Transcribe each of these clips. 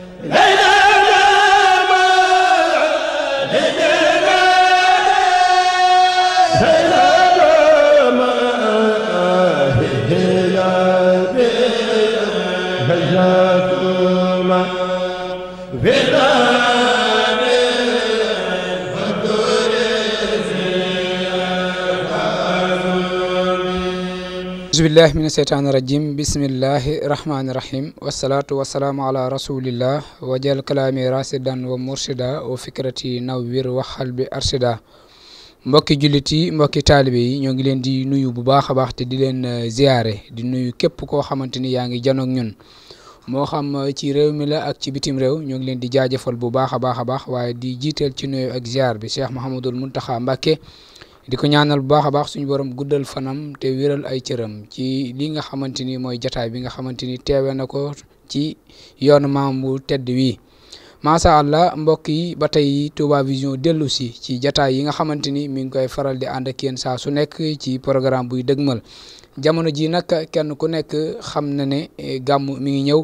Hey aousubillahi min asheytaani irajim bisimillahi rahmaaniirahim wasalaatu wasalaamu ala wajal kalaami rasidan wa mursida wa fikrati nawwir waxal bi arsida mbokki jullit yi mbokki taalibe yi ñoo ngi leen di nuyu bu baax a baax te di leen eh, ziyaare di nuyu képp koo xamante ni yaa ngi janoog ñun moo xam eh, ci réew mi la ak ci bitim réew ñoo ngi leen di jaajëfal bu baax a baax a baax waaye di jiital ci nuyu ak ziyaar bi Cheikh Mouhamadul Mountakha Mbacké di ko ñaanal bu baax a baax suñu borom guddal fanam te wéral ay cëram ci li nga xamante ni mooy jataay bi nga xamante ni teewe na ko ci yoonu maam bu tedd wi macha allah mbokk yi ba tey Touba Vision dellu si ci jataay yi nga xamante ni mi ngi koy faral di ànd ak saa su nekk ci programme buy dëgmal jamono ji nag kenn ku nekk xam na ne eh, gàmm mi ngi ñëw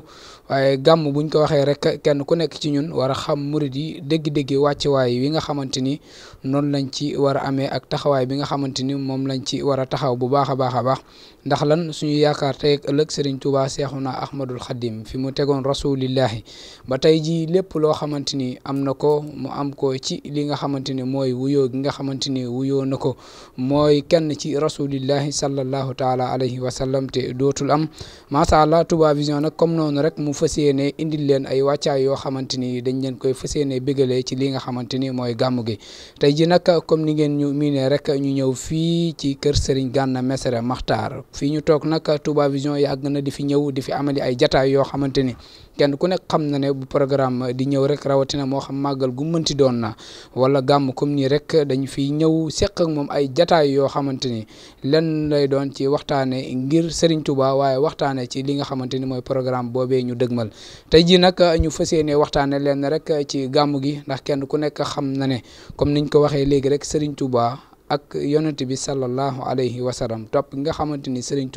waaye gàmm buñ ko waxee rek kenn ku nekk ci ñun war a xam murid yi dégg-dégg wàccuwaay wi nga xamante ni noonu lañ ci war a amee ak taxawaay bi nga xamante ni moom lañ ci war a taxaw bu baax a baax a baax ndax lan suñu yaakaar tey ak ëllëg Serigne Touba Seexuna Ahmadul Xadim fi mu tegoon rasulillahi ba tey jii lépp loo xamante ni am na ko mu am ko ci li nga xamante ni mooy wuyoo gi nga xamante ni wuyoo na ko mooy kenn ci rasulillahi sallallahu taala alayhi wa sallam te dootul am macha allah Vision nag comme noonu rek fas yéene indil leen ay wàccaay yoo xamante ni dañ leen koy fas yéene bégalee ci li nga xamante ni mooy gàmmu gi tey ji nag comme ni ngeen ñu miinee rek ñu ñëw fii ci kër Serigne Gana Messere Makhtar fii ñu toog nag Touba Vision yàgg na di fi ñëw di fi amali ay jataay yoo xamante ni kenn ku nekk xam na ne bu programme di ñëw rek rawatina moo xam màggal gu mënti doon na wala gàmm comme nii rek dañ fi ñëw seq ak moom ay jataay yoo xamante ni lenn lay doon ci waxtaane ngir Serigne Touba waaye waxtaane ci li nga xamante ni mooy programme boobee ñu dëgmal tey jii nag ñu fas yéene waxtaane lenn rek ci gàmm gi ndax kenn ku nekk xam na ne comme niñ ko waxee léegi rek Serigne Touba ak yonent bi sallallahu alayhi wa sallam topp nga xamante ni Serigne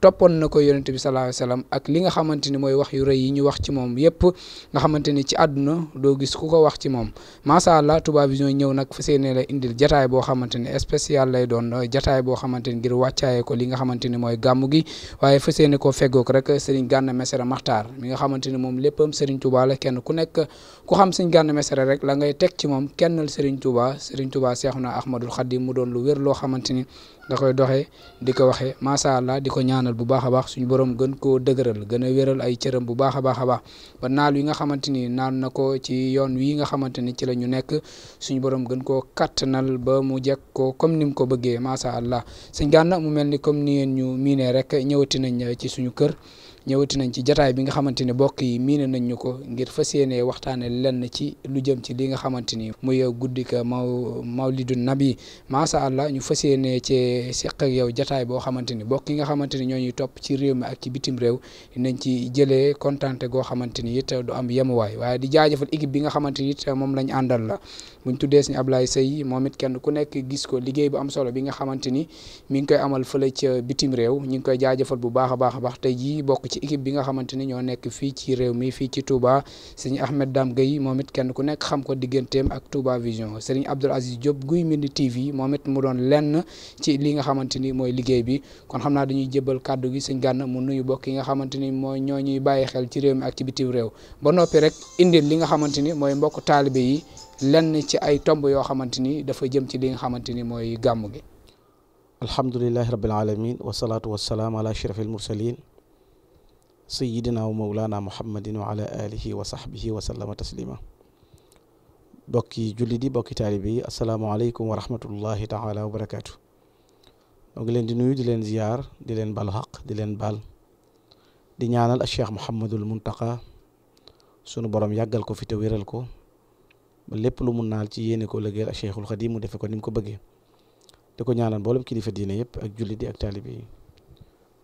toppoon na ko yonent bi sallallahu alayhi wasallam ak li nga xamante ni mooy wax yu rëy yi ñu wax ci moom yépp nga xamante ni ci àdduna doo gis ku ko wax ci moom macha allah Touba Vision ñëw nag fas yéene indil jataay boo xamante ni spécial lay doon jataay boo xamante ni ngir wàccaaye ko li nga xamante ni mooy gàmmu gi waaye fas yéene koo feggoog rek Serigne Gana Messere Makhtar mi nga xamante ni moom léppam Serigne tubaa la kenn ku nekk ku xam Serigne Gana Messere rek la ngay teg ci moom kennal tubaa Touba Serigne Touba Seexuna Ahmadul Xadim mu doon lu wér loo xamante ni da koy doxee di ko waxee macha allah di ko ñaanal bu baax a baax suñu borom gën koo dëgëral gën a wéral ay cëram bu baax a baax a baax ba naal yi nga xamante ni naan na ko ci yoon wi nga xamante ni ci la ñu nekk suñu borom gën koo kattanal ba mu jekk ko comme ni mu ko bëggee macha allah sëñ Gana mu mel ni comme ni ngeen ñu miinee rek ñëwati nañ ci suñu kër. ñëwati nañ ci jataay bi nga xamante ni bokk yi miine nañ ñu ko ngir fas yéene waxtaane lenn ci lu jëm ci li nga xamante ni muy guddika maw mawlidu nabi maasa allah ñu fas yéene ci seq yow jataay boo xamante ni bokk yi nga xamante ni ñoo ñuy topp ci réew mi ak ci bitim réew nañ ci jëlee kontante goo xamante ni it du am yemuwaay waaye di jaajëfal équipe bi nga xamante ni it moom lañ àndal la buñ tuddee suñu Ablaye Seye moom it kenn ku nekk gis ko liggéey bu am solo bi nga xamante ni mi ngi koy amal fële ca bitim réew ñu ngi koy jaajëfal bu baax a baax a ci équipe bi nga xamante ni ñoo nekk fii ci réew mi fii ci Touba sëriñ Ahmed Dame Gueye moom it kenn ku nekk xam ko digganteem ak Touba Vision sëriñ Abdoul Aziz Diop Guy Mbind TV moom it mu doon lenn ci li nga xamante ni mooy liggéey bi kon xam naa dañuy jébbal kàddu gi sëñ Gana mu nuyu bokk yi nga xamante ni mooy ñoo ñuy bàyyi xel ci réew mi ak ci bitim réew ba noppi rek indil li nga xamante ni mooy mbokk taalibe yi lenn ci ay tomb yoo xamante ni dafa jëm ci li nga xamante ni mooy gàmm gi alhamdulilahi rabbil alamin wasalaatu wasalaam ala ashraf almursalin sayidina wa mawlana muhammadin wa ala alihi wa sahbihi wa sallama taslima bokki julli di bokki taalibe yi asalaamaaleykum wa rahmatullahi taala wa barakaatu moo ngi leen di nuyu di leen ziyaar di leen balu xaq di leen bal di ñaanal ak cheikh muhammadul muntaqa sunu borom yàggal ko fi te wéral ko ba lépp lu mun naal ci yéene ko lëggéel ak cheikhul xadim mu defe ko ni mu ko bëggee di ko ñaanal mboolem kilifa diine yëpp ak julli di ak taalibe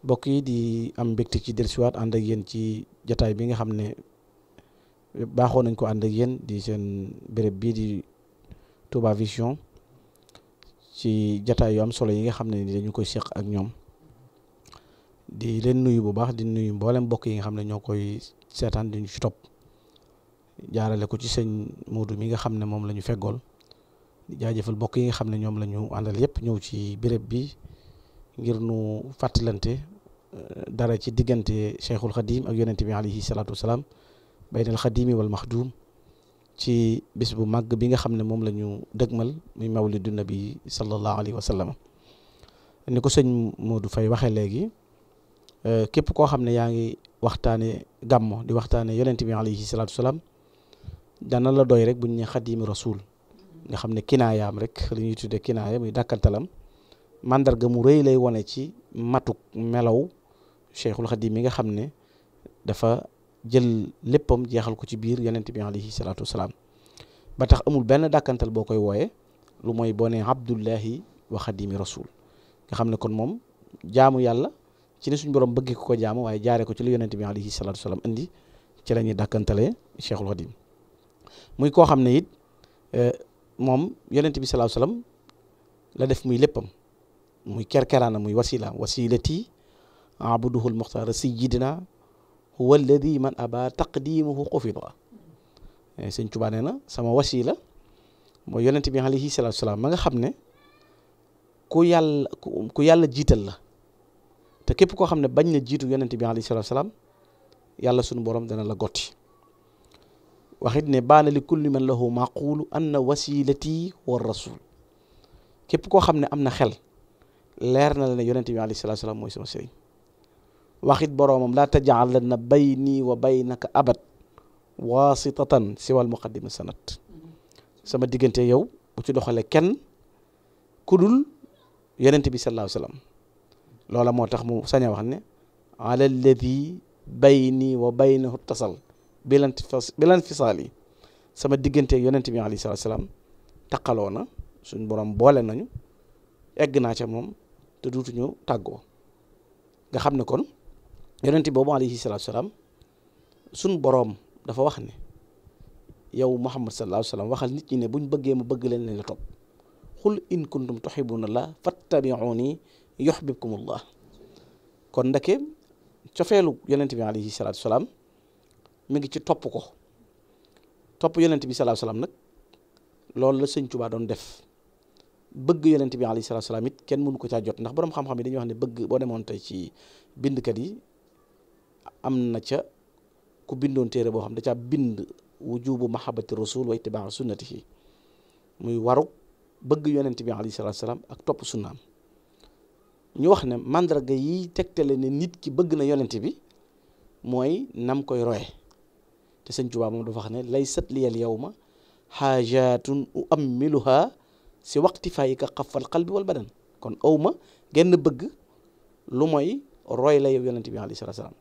mbokk yi di am mbégte ci dellusiwaat ànd ak yéen ci jataay bi nga xam ne baaxoo nañ ko ànd ak yéen di seen béréb bii di Touba Vision ci jataay yu am solo yi nga xam ne dañu koy seq ak ñoom di leen nuyu bu baax di nuyu mboolem mbokk yi nga xam ne ñoo koy seetaan di ñu ci topp jaarale ko ci sëñ Moodu mi nga xam ne moom la ñu feggool di jaajëfal mbokk yi nga xam ne ñoom la àndal yëpp ñëw ci bërëb bi ngir nu fàttalante dara ci diggante cheikhul xadim ak yonente bi alayhi salaatu wasalaam baynal xadimi wal maxdum ci bis bu màgg bi nga xam ne moom lañu ñu dëgmal muy mawlidu nabi sallallahu alayhi wa sallam ni ko sëñ Modou Faye waxee léegi euh, képp koo xam ne yaa ngi waxtaane gàmmo di waxtaane yonent bi alayhi salaatu salaam dana la doy rek bu ñu ne xadimi rasul nga xam ne kinaayaam rek li ñuy tuddee kinaaya muy dàkkantalam màndarga mu rëy lay wane ci matuk melaw cheikhul xadim mi nga xam ne dafa jël léppam jeexal ko ci biir yonent bi alayhi salaatu wasalaam ba tax amul benn dàkkantal boo koy wooyee lu mooy boo nee abdullahi wa xadimi rasul nga xam ne kon moom jaamu yàlla ci ne suñ borom bëgg ko ko waaye jaaree ko ci la yonent bi alayhi salaatu wasalaam indi ci la ñuy dàkkantalee cheikhul xadim muy koo xam ne it e, moom yonent bi salaatu wasalaam la def muy léppam muy kerkeraana muy wasila wasilati abduhu lmuxtaar sayidina huwa alladi man aba taqdimuhu xufida sëñ Tuubaa nee na sama wasila mooy yonent bi alayhi salaatu salaam ma nga xam ne ku yàlla ku yàlla jiital la te képp koo xam ne bañ na jiitu yonent bi alayhi salaam yàlla sunu borom dana la gotti waxit ne baana li kulli man lahu maquulu anna wasilati wa rasul képp koo xam ne am na xel leer na la ne yonent bi alayhi salaam mooy sama sëriñ waxit boroomam laa tajaalanna baynii wa baynaka abad waasitatan siwal muqaddimi sanat sama diggante yow bu ci doxale kenn ku dul yonent bi sallallahu alayhi wa sallam loola moo tax mu sañ a wax ne ala alladi bayni wa baynahu tasal bilan bilan fisaali sama diggante yonent bi alayhi salatu salaam taqaloo na suñ borom boole nañu egg naa ca moom te duutuñu tàggoo nga xam ne kon yonent boobu alayhi salaatu salaam sunu boroom dafa wax ne yow Muhammad sallallahu alayhi wasallam waxal nit ñi ne buñ bëggee mu bëgg leen lañ la topp xul in na la Allah fattabi'uni yuhbibkumullah kon ndeke cofeelu yonent bi alayhi salaatu salaam mu ngi ci topp ko topp yonent bi sallallahu alayhi nag loolu la sëñ Tuubaa doon def bëgg yonent bi alayhi salaatu salaam it kenn mënu ko caa jot ndax boroom xam-xam yi dañuy wax ne bëgg boo demoon tey ci bindkat yi am na ca ku bindoon téere boo xam da caa bind wujubu mahabati rasul wa te sunnatihi muy waruk bëgg yonent bi alayhi ak topp sunnaam wax ne mandarga yi tegtale ne nit ki bëgg na yonent bi mooy nam koy roye te sëñ Tuubaa moom dafa wax ne laysat liyal yawma xaajaatun uammiluha si waqti fayika xafal qalbi wal badan kon awma genn bëgg lu mooy roy la yow yonent bi alayhi salaam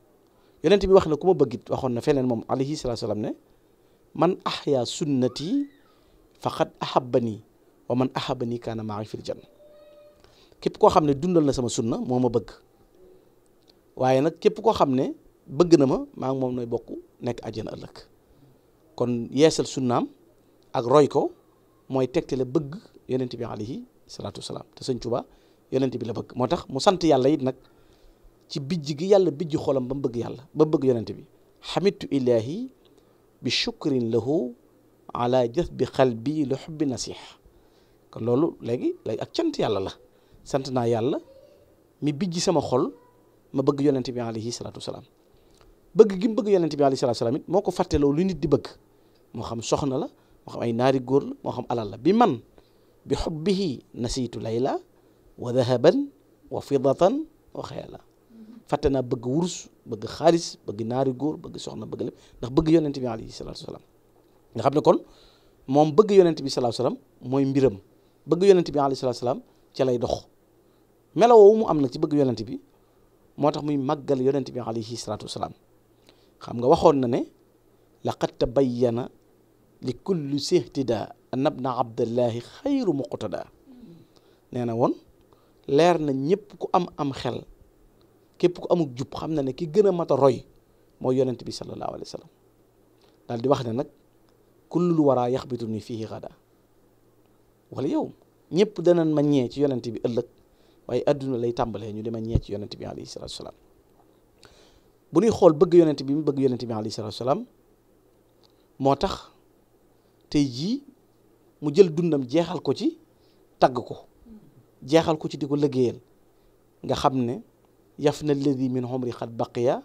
yonent bi wax na ku ma bëgg waxoon na feneen moom alayhi salaatu salaam ne man ahya sunnati faqad ahabbani wa man ahabbani kaana maa fil képp koo xam ne dundal na sama sunna moo ma bëgg waaye nag képp koo xam ne bëgg na ma maa moom nooy bokk nekk àjjana ëllëg kon yeesal sunnaam ak roy ko mooy tegtale bëgg yonent bi alayhi salaatu salaam te sëñ Tuubaa yonent bi la bëgg moo tax mu sant yàlla it nag ci bijj gi yàlla bijj xolam ba mu bëgg yàlla ba bëgg yonent bi xamitu ilaahi bi shukrin lahu ala jasbi xalbi li xubbi nasix kon loolu léegi léegi ak cant yàlla la sant naa yàlla mi bijj sama xol ma bëgg yonent bi alayhi salaatu wasalaam bëgg gi mu bëgg yonent bi alayhi salaatu wasalaam moo ko fàtteloo lu nit di bëgg moo xam soxna la moo xam ay naari góor la moo xam alal la bi man bi xubbihi nasiitu layla wa dahaban wa fidatan wa xeela fàtte naa bëgg wurus bëgg xaalis bëgg naari góor bëgg soxna bëgg lépp ndax bëgg yonent bi alayhi salaatu wa salaam nga xam ne kon moom bëgg yonent bi salaatu salaam mooy mbiram bëgg yonent bi alayhi salaatu salaam ca lay dox melo mu am nag ci bëgg yonent bi moo tax muy màggal yonent bi alayhi salaatu wa salaam xam nga waxoon na ne laqad tabayyana li kulli sihtida an abna abdallahi xayru muqtada mm. nee na woon leer na ñëpp ku am am xel képp ku amul jub xam na ne ki gën a mat roy mooy yonent bi sallallahu alayhi wa sallam daal di wax ne nag kullul waraa yaxbitu ni fii xada wala yow ñëpp danañ ma ñee ci yonent bi ëllëg waaye àdduna lay tàmbalee ñu dema ñee ci yonent bi alayhi salatu salaam bu ñuy xool bëgg yonent bi mu bëgg yonent bi alayhi salatu salaam moo tax tey jii mu jël dundam jeexal ko ci tagg ko jeexal ko ci di ko liggéeyal nga xam ne yaf na alladi min umri xat baqiya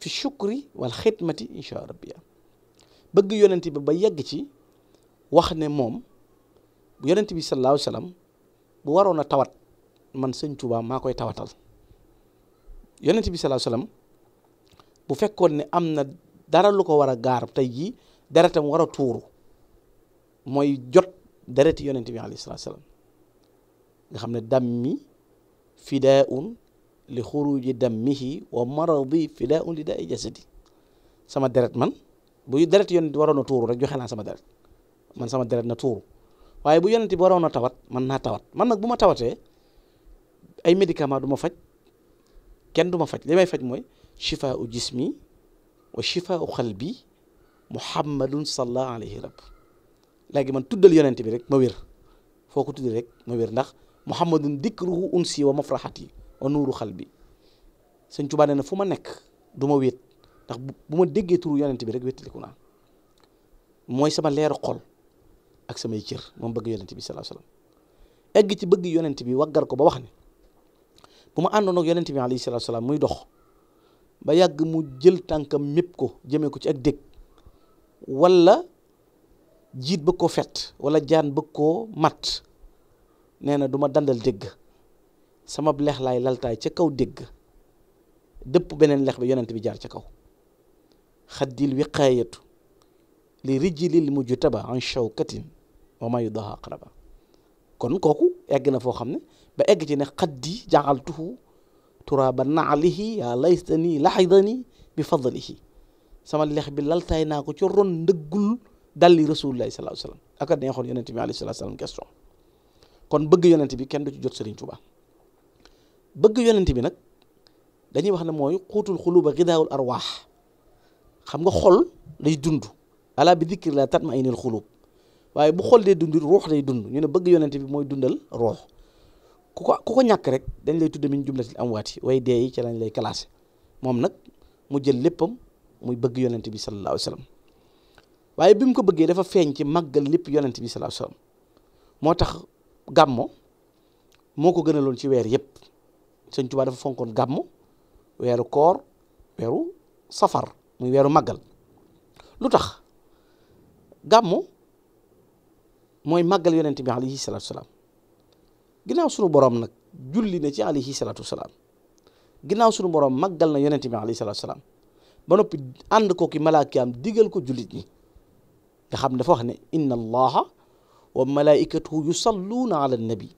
fi shukri wal xidmati incha rabbiya bëgg yonent bi ba yegg ci wax ne moom yonent bi sallallahu alayhi wasallam bu waroon a tawat man sëñ Tuubaa maa koy tawatal yonent bi sallallahu alayhi bu fekkoon ne am na dara lu ko war a gaar tey jii deretam war a tuuru mooy jot dereti yonent bi alayhi salaam nga xam ne dammi fidaun li xuruji dammihi wa maradi fidaun li daai jasadi sama deret man bu deret yonent waroon a tuuru rek joxe naa sama deret man sama deret na tuuru waaye bu yonent bi waroon a tawat man naa tawat man nag bu ma tawatee ay médicament du ma faj kenn du ma faj li faj mooy shifaau jismi wa shifaau xalbi muhammadun sallallahu alayhi rabb léegi man tuddal yonent bi rek ma wér foo ko tuddal rek ma wér ndax muhammadun dikruhu unsi wa mafraxati nuuru xal bi sëñ Tuubaa nee na fu ma nekk du ma wéet ndax bu ma déggee turu yonent bi rek wéttaliku naa mooy sama leeru xol ak samay cër moom bëgg yonent bi sallallahu alayhi wasallam egg ci bëgg yonent bi waggar ko ba wax ne bu ma àndoon ak yonent bi alayhi salatu salaam muy dox ba yàgg mu jël tànkam mépp ko jëmee ko ci ak dégg wala jiit bëgg koo fet wala jaan bëgg koo mat nee na duma dandal dégg sama lex laay laltaay ca kaw dégg dëpp beneen lex bi yonent bi jaar ca kaw xaddil wiqaayatu li rijlil mujtaba an shawkatin wa ma yudaha aqraba kon kooku egg na foo xam ne ba egg ci ne xaddi jaxaltuhu turaaba naalihi yaa laystani laxidani bi fadlihi sama lex bi laltaay naa ko ci ron ndëggul dal rasulullahi sallallahu alayhi wa sallam ak neexoon yonent bi alayhi salaatu salaam question kon bëgg yonent bi kenn du ci jot Sëriñ Tuubaa bëgg yonent bi nag dañuy wax ne mooy xuutul xuluba gidaawul arwaax xam nga xol day dund ala bi dikri la tatma aynil xulub waaye bu xol dee dund ruux day dund ñu ne bëgg yonent bi mooy dundal ruux ku ko ku ko ñàkk rek dañ lay tudde min jumlatil amwaat yi way dee yi ci lañ lay classé moom nag mu jël léppam muy bëgg yonent bi sallallahu alayhi waaye bi mu ko bëggee dafa feeñ ci màggal lépp yonent bi sallallahu alayhi moo tax gàmmo moo ko gënaloon ci weer yëpp sëñ Tuubaa dafa fonkoon gàmmu weeru koor weeru safar muy weeru màggal lu tax gàmmu mooy màggal yonent bi alayhi salaatu salaam ginnaaw sunu borom nag julli na ci alayhi salaatu salaam ginnaaw sunu borom màggal na yonent bi alayhi salaatu salaam ba noppi ànd ko ki malaakaam digal ko jullit ñi nga xam dafa wax ne inna allaha wa malaikatuhu yusalluuna ala nabi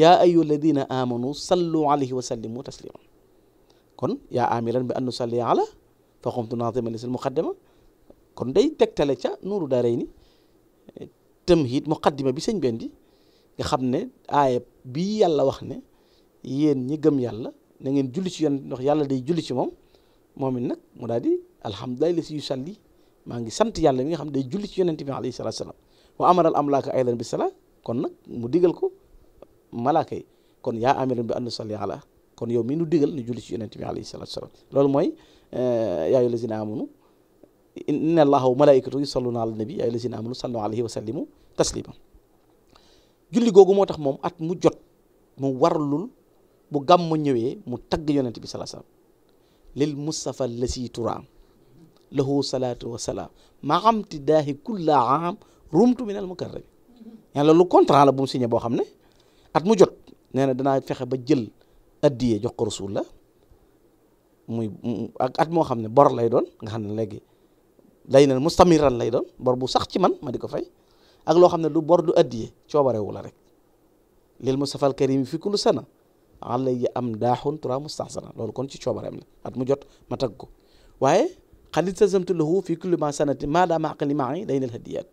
yaa ayyuha alladina amanu sallu alayhi wa sallimu kon yaa amiran bi an nusalli ala fa xumtu naazima lisil muqaddama kon day tegtale ca nuuru daaray ni tamhid muqaddima bi sëñ benn di nga xam ne aaya bii yàlla wax ne yéen ñi gëm yàlla na ngeen julli ci yoon ndax yàlla day julli ci moom moom it nag mu daal di alhamdulilahi la si yu salli maa ngi sant yàlla mi nga xam day julli ci yonente bi alayhi salatu salaam wa amara al amlaaka aydan bi sala kon nag mu digal ko malaaka kon yaa amiran bi an nusalli ala kon yow mi nu digal nu julli ci yonent bi alayhi loolu mooy eh, yaa ayyuha lazina amanu inna allaha wa malaikatu yusalluna ala nabi yaa ayyuha lazina amanu sallu alayhi wa sallimu julli googu moo tax moom at mu jot mu warlul bu gàmmu ñëwee mu tagg yonent bi salaa salaam lil mustafa lasi turaam lahu salaatu wa salaam ma amti daahi kulla aam rumtu min al mukarrami yaa loolu contrat la bu mu signé boo xam ne at mu jot nee na danaa fexe ba jël addiyee jox ko la muy ak at moo xam ne bor lay doon nga xam ne léegi lay na mustamiran lay doon bor bu sax ci man ma di ko fay ak loo xam ne du bor du addiyee coobarewu la rek lil Mustafa al Karim fi kulli sana alayya am daaxun tura mustahsana loolu kon ci coobareem la at mu jot ma tag ko waaye xalit sasamtu lahu fi kulli ma sanati maadaama aqli maa day nal hadiyaat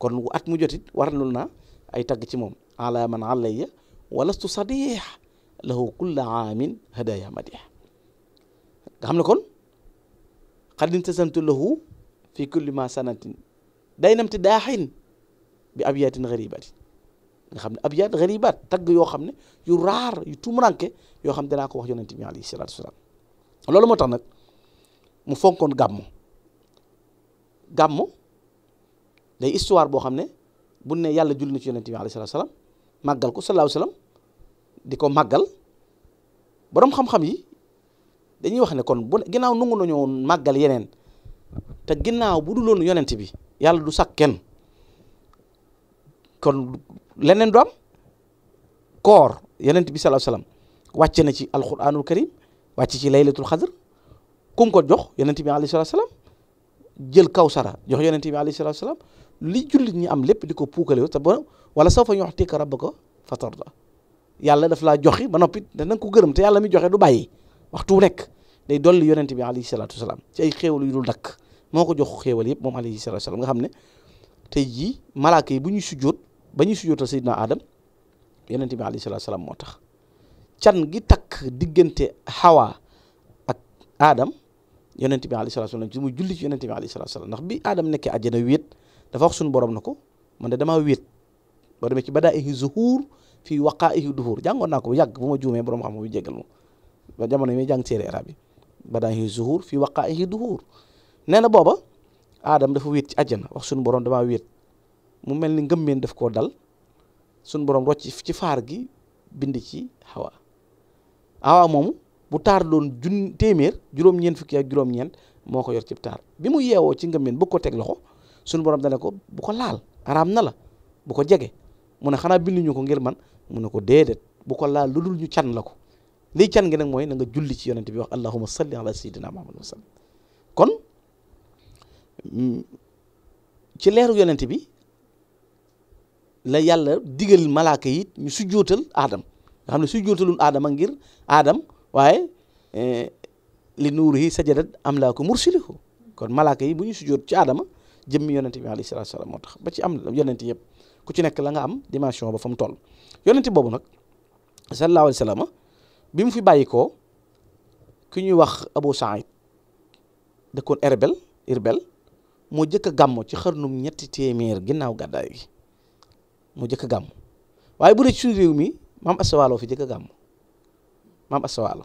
kon at mu jotit war nul naa ay tagg ci moom ala man alayya walastu sadix lahu kulla aamin hadaya madix nga xam ne kon xad intasamtu lahu fi kulli ma sanatin daynamti daaxin bi abiyatin garibatin nga xam ne abiyat garibat tagg yoo xam ne yu raar yu tumuranke yoo xam ne danaa ko wax yonent bi alayhi salatu wasalaam loolu moo tax nag mu fonkoon gàmmu gàmmu day histoire boo xam ne bu ne yàlla julli na ci yonent bi màggal ko sallallahu alayhi di ko màggal boroom xam-xam yi dañuy wax ne kon bu ginnaaw nangu nañoo màggal yeneen te ginnaaw bu du duloon yonent bi yàlla du sàkk kenn kon leneen du koor yonent bi sallallahu alayhi wàcce na ci alquranul karim wàcc ci laylatul xadr kum ko jox yonent bi alayhi salaam jël kawsara jox yonent bi alayhi salaam li jullit ñi am lépp di ko puukale te ba wala soo fa ñox tikka rabba ko fatarda yàlla daf laa joxi ba noppi dana ko gërëm te yàlla mi joxe du bàyyi waxtu nekk day dolli yonent bi alayhi salaatu wasalaam ci ay xéewal yu dakk moo ko jox xéewal yëpp moom alayhi salaatu wasalaam nga xam ne tey jii malaaka yi bu ñuy sujjóot ba ñuy sujjóotal sayyidina Adam yonent bi moo tax can gi takk diggante Hawa ak Adam yonent bi alayhi salaatu wasalaam ci muy julli ci yonent bi alayhi Adam nekkee àjjana wéet dafa wax suñu boroom na ko man de damaa wéet boo demee ci badaa'ihi zuhuur fii waqaa'ihi duhuur jàngoon naa ko bu yàgg bu ma juumee borom xam-xam bu jéggal moom jamono yi may jàng téere arab yi badaa'ihi zuhuur fii waqaa'ihi duhuur nee na booba aadam dafa wéet ci àjjana wax suñu borom damaa wéet mu mel ni ngëmmeen daf koo dal suñu borom rocc ci faar gi bind ci xawa xawa moomu bu taar doon jun téeméer juróom ñeen fukki ak juróom-ñeent moo ko yor ci taar bi mu yeewoo ci ngëmmeen bëgg ko teg loxo suñu borom dana ko bu ko laal araam na la bu ko jege mu ne xanaa binduñu ko ngir man mu ne ko déedéet bu ko laal lu dul ñu can la ko lii can gi nag mooy na nga julli ci yonent bi wax allahumma salli ala sayyidina muhammad wa sallam kon mm, ci leeru yonent bi la yàlla digal malaaka yi ñu sujjootal aadam nga xam ne sujjootalun aadama ngir aadam waaye eh, li nuurihi sajadat amlaaku ko kon malaaka yi bu ñu sujjoot ci aadama jëmmi yonente bi alayhi salaatu salaam moo tax ba ci am yonente yëpp ku ci nekk la nga am dimension ba fa mu toll yonente boobu nag sallallahu alayhi bi mu fi bàyyi koo ki ñuy wax Abu Saïd dëkkoon Erbel Irbel moo jëkk a ci xarnum ñetti téeméer ginnaaw gàddaay gi moo jëkk a gàmm waaye bu dee ci suñu réew mi maam Asawalo fi jëkk a gàmm maam Asawalo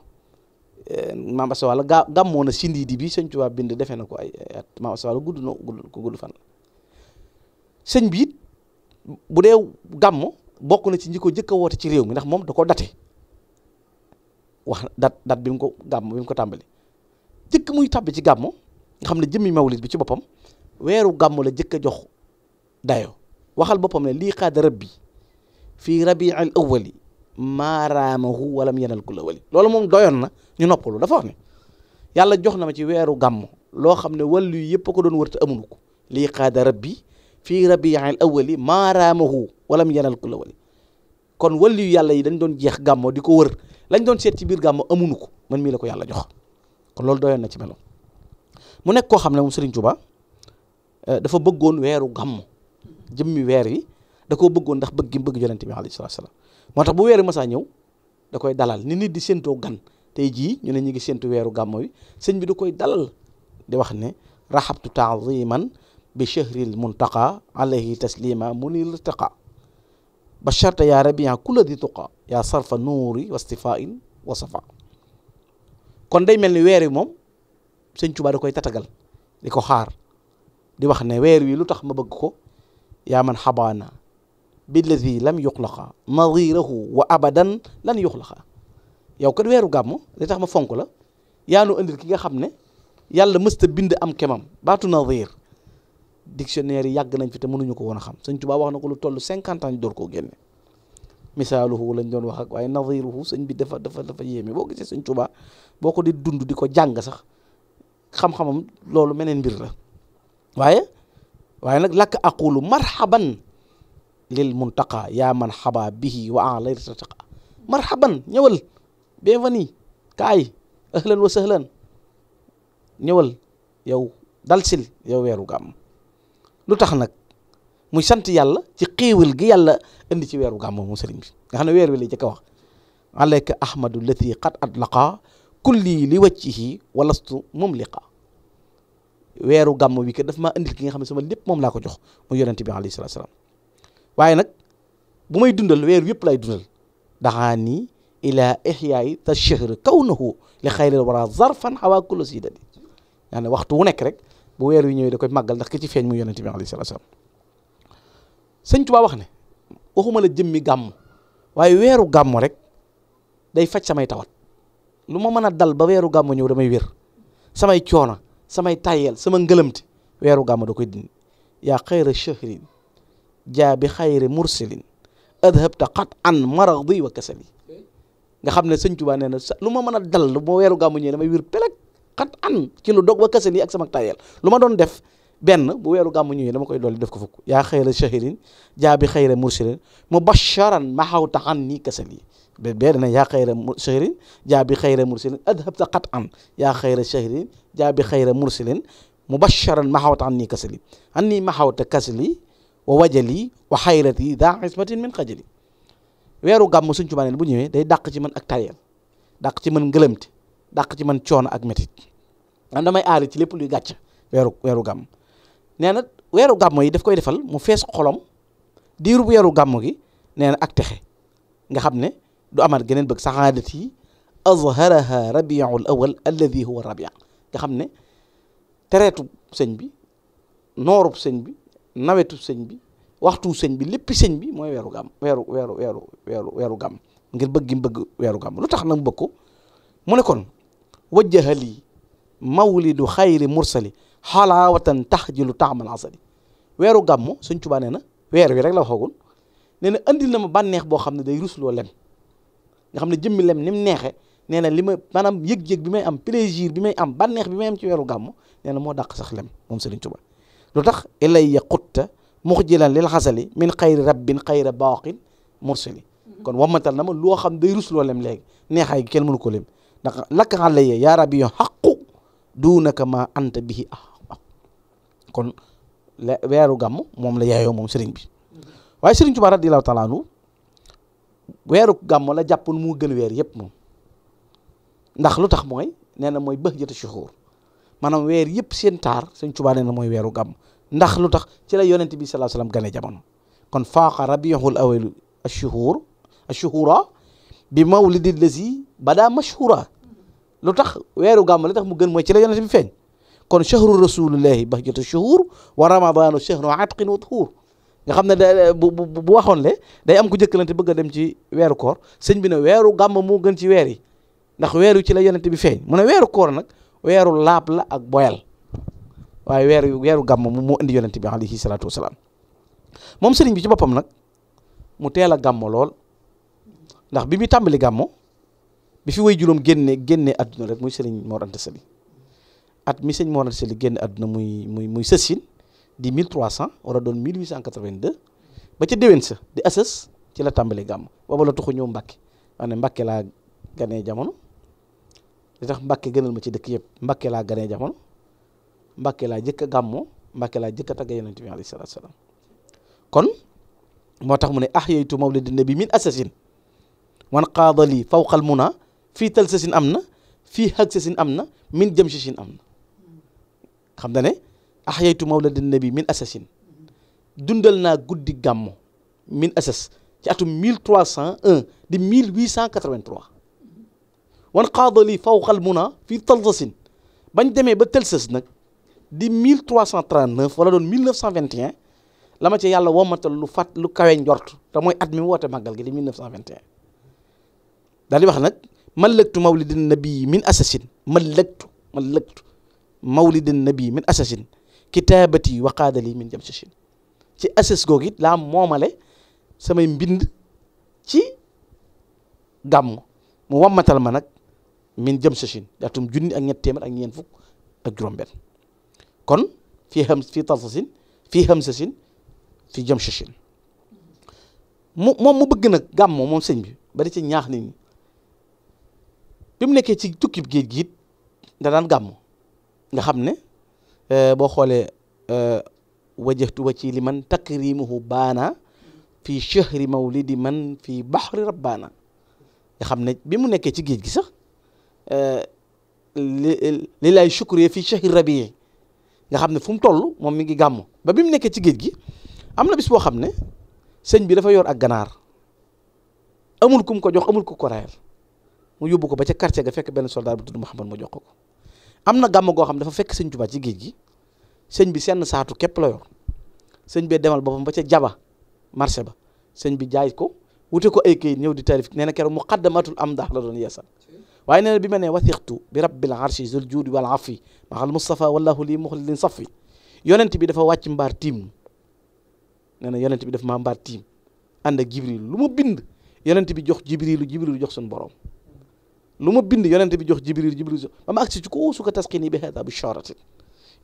Eh, maam Asta Walo ga gàmmoo na sindiidi bi sëñ Tuubaa bind defee na ko ay at maam Asta Walo gudd na gudd fan sëñ bi it bu dee gàmmo bokk na ci ñi ko jëkk a woote ci réew mi ndax moom da ko date wax dat dat bi mu ko gàmm bi mu ko tàmbali jëkk muy tàbbi ci gàmmo nga xam ne jëmmi mawlid bi ci boppam weeru gàmmo la jëkk a jox dayo waxal boppam ne lii xaada rabbi fii rabiil awwali maaraamahu walam yanal kula wali loolu moom doyoon na ñu noppalu dafa wax ne yàlla jox na ma ci weeru gàmm loo xam ne wàllu yëpp a ko doon wër te amuñu ko lii xaada rabbi fii rabiil awali maaraamahu walam yanal ku la wali kon yu yàlla yi dañ doon jeex gàmmo di ko wër lañ doon seet ci biir gàmmo amuñu ko man mii la ko yàlla jox kon loolu doyoon na ci melo mu nekk koo xam ne moom Serigne Touba euh, dafa bëggoon weeru gàmm jëmmi weer wi da koo bëggoon ndax bëgg gi bëgg yonente bi alayhi salaam moo tax bu weeri masaa ñëw da koy dalal ni nit di séentoo gan tey jii ñu ne ñu ngi séntu weeru gàmmo wi sëñ bi du koy dalal di wax ne raxabtu taaziman bi chahril muntaqa alayhi taslima munil taqa basharta yaa rabia kula di tuqa yaa sarfa nuuri wa safa kon day mel ni weer wi moom sëñ Tuubaa koy tatagal di ko xaar di wax ne weer wi lu tax ma bëgg ko yaa man la billadi lam yuxlaqa nadirahu wa abadan lan yuxlaqa yow kat weeru gàmmu li tax ma fonk la yaa nu indil ki nga xam ne yàlla mësta bind am kemam baatu nadir dictionnaire yi yàgg nañ fi te mënuñu ko woon a xam sëñ Tuubaa wax na ko lu toll cinquante ans ñu door koo génne misaaluhu lañ doon wax ak waaye nadiruhu sëñ bi dafa dafa dafa yéeme boo gisee sëñ Tuubaa boo ko di dund di ko jàng sax xam-xamam loolu meneen mbir la waaye waaye nag lakk aqulu marhaban lil muntaqa yaa man xaba bihi wa an layr tataqa marhaban ñëwal kay kaay ahlan wa sahlan ñëwal yow dal sil yow weeru gàmm lu tax nag muy sant yàlla ci xéewal gi yàlla indi ci weeru gàmm moom sëriñ bi nga xam ne wi la jëkk a wax alayka ahmadu lati qad atlaqa kulli li wajhihi walastu mumliqa weeru gàmm wi kat daf maa indil ki nga xam ne sama lépp moom laa ko jox mu yonente bi alayhi salaatu salaam waaye nag bu may dundal weer yëpp lay dundal daxaa nii ila ihyaayi te chehr kaw nahu li xayril wara zarfan xawaa kulla siidadi yaa ne waxtu wu nekk rek bu weer wi ñëwee da koy màggal ndax ki ci feeñ mu yonente bi alayhi salaatu salaam sëñ Tuubaa wax ne waxuma la jëmmi gàmm waaye weeru gàmm rek day faj samay tawat lu ma mën a dal ba weeru gàmm ñëw damay wér samay coona samay tàyyeel sama ngëlëmte weeru gàmm da koy dindi yaa xayra chahrin jaa bi xayri mursalin adhabta qat an maradi wa kasali nga xam ne sëñ Tuubaa nee na lu ma mën a dal bu ma weeru gàmmu ñëwee damay wir peleg xat an ci dog ba kase nii ak sama tayel lu ma doon def benn bu weeru gàmmu ñëwee dama koy dolli def ko fukk yaa xayra shahirin jaabi xayra mursilin mubasharan maxaw taxan nii kase nii bé bee dana yaa xayra shahirin jaabi xayra mursilin adhabta xat an yaa xayra shahirin jaabi xayra mursilin mubasharan xaw taxan nii kase nii an nii maxawta kasli wa wajali wa xayrati daa ismatin min xajali weeru gàmm Sëñ Tuubaa neen bu ñëwee day dàq ci man ak tayel dàq ci man ngëlëmte dàq ci man coono ak métit man damay aari ci lépp luy gàcc weeru weeru gàmm nee na weeru gàmm yi daf koy defal mu fees xolom diiru bu weeru gàmm gi nee na ak texe nga xam ne du amaat geneen bëgg saxaadat yi azharaha rabiul awal alladi huwa rabia nga xam ne tereetu sëñ bi noorub sëñ bi nawetu sëñ bi waxtu sëñ bi lépp sëñ bi mooy weeru gàmm weeru weeru weeru weeru weeru gàmm ngir bëgg bëgg weeru gàmm lu tax nag mu bëgg ko mu ne kon wajjaha lii mawlidu xayri mursali xalaawatan tax ji lu taamal asali weeru gàmm sëñ Tuubaa nee na weer wi rek la waxagul nee na andil na ma banneex boo xam ne day rusloo lem nga xam ne jëmmi lem ni mu neexee nee na li ma maanaam yëg-yëg bi may am plaisir bi may am banneex bi ma am ci weeru gàmm nee na moo dàq sax lem moom sëriñ Tuubaa lu tax ilay ya muxjilan lil xasali min xayri rabbin xayra baaqin mursali kon wammatal na ma loo xam day rusloo lem léegi neexaay gi kenn mënu ko lim ndax lakk xàlla yee yaa rabbi yoon xaqu duunaka ma anta bihi ah kon weeru gàmm moom la yaayoo moom sëriñ bi waaye sëriñ Tuubaa radiyallaahu taala weeru gàmm la jàppoon mu gën weer yépp moom ndax lu tax mooy nee na mooy bëx jëta shuhuur maanaam weer yëpp seen taar sëriñ Tuubaa nee na mooy weeru gàmm ndax lu tax ci la yonent bi sallallahu alayhi wasallam gane jamono kon faaqa rabiul awwal ashuhur ashuhura bi mawlidi lazi bada mashhura lu tax weeru gàmm li tax mu gën mooy ci la yonent bi feeñ kon shahru rasulillahi bahjatu shuhur wa ramadanu shahru atqin wa tuhur nga xam ne da bu bu waxoon le day am ku jëkkalante bëgg a dem ci weeru koor sëñ bi ne weeru gàmm moo gën ci weer yi ndax weeru ci la yonent bi feeñ mu ne weeru koor nag weeru laab la ak boyal waaye weer weeru gàmmo moom moo indi yonent bi alayhi salaatu wasalaam moom sëriñ bi ci boppam nag mu teel a gàmm lool ndax bi muy tàmbali gàmm bi fi way juróom génne génne àdduna rek muy sëriñ Mor Anta Sali at mi sëriñ Mor Anta Sali génne àdduna muy muy muy sësin di 1300 wala doon 1882 ba ca déwén sa di asës ci la tàmbali gàmm booba la tuxu ñëw Mbàkke wax ne Mbàkke laa ganee jamono li tax Mbàkke gënal ma ci dëkk yëpp Mbàkke laa ganee jamono Mbàkke laa jëkk a gàmmoo Mbàkke laa jëkk a tagg yonent bi alayhi salaatu salaam kon moo tax mu ne ahyaytu mawlidin nabi min asasin wan qaada lii fawqal muna fii talsasin am na fii hagsasin am na min jamshasin am na xam na ne ahyaytu mawlidin nabi min asasin dundal naa guddi gàmmo min asas ci atum 1301 di 1883 wan qaada lii fawqal muna fi talsasin bañ demee ba talsas nag di 1339 wala doon 1921 la ma ci yàlla womatal lu fat lu kawe njort te mooy at mi woote màggal gi di 1921 wax nag man lëgtu na nabii min assasine man lëgtu man lëgtu na bii min assasine kitaabati wa qaadali min jamsasine ci assas googu it laa moomale samay mbind ci gàmm mu wammatal ma nag min jëm sasine daatum junni ak ñett téeméer ak ñeent fukk ak juróom-benn kon fii xam fii talsasin fii hamsasin fii jamshasin mu moom mu bëgg nag gàmmo moom sëñ bi bari ci ñaax ni ñi bi mu nekkee ci tukkib géej gi it daan gàmmo nga xam ne eh, boo xoolee eh, wajjahtu wa ci li man takrimuhu baana fii chahri mawlidi man fii baxri rabbaana nga xam ne bi mu nekkee ci géej gi sax eh, li lay chukre fii chahri rabiye nga xam ne fu mu toll moom mi ngi gàmm ba bi mu nekkee ci géej gi am na bis boo xam ne sëñ bi dafa yor ak ganaar amul kum ko jox amul ku ko rayal mu yóbbu ko ba ca quartier ga fekk benn soldat bu tudd Mouhamad mu jox ko am na gàmm goo xam ne dafa fekk sëñ Tuubaa ci géej gi sëñ bi senn saatu képp la yor sëñ bee demal boppam ba ca jaba marché ba sëñ bi jaay ko wute ko ay këyit ñëw di tarif nee na keroog muqaddamatul am ndax la doon yeesal waaye nee na bi ma ne wathiqtu bi rabbil arshi zul juudi wal afi maxal Mustafa wallahu lii muxlilin safi yonent bi dafa wàcc mbaar tiim nee na yonent bi dafa maa mbaar tiim ànd ak jibril lu ma bind yonent bi jox jibrilu jibrilu jox suñu borom lu ma bind yonent bi jox jibril jibril jox ba ma agsi ci ko su ko tasqini bi hada bi sharatin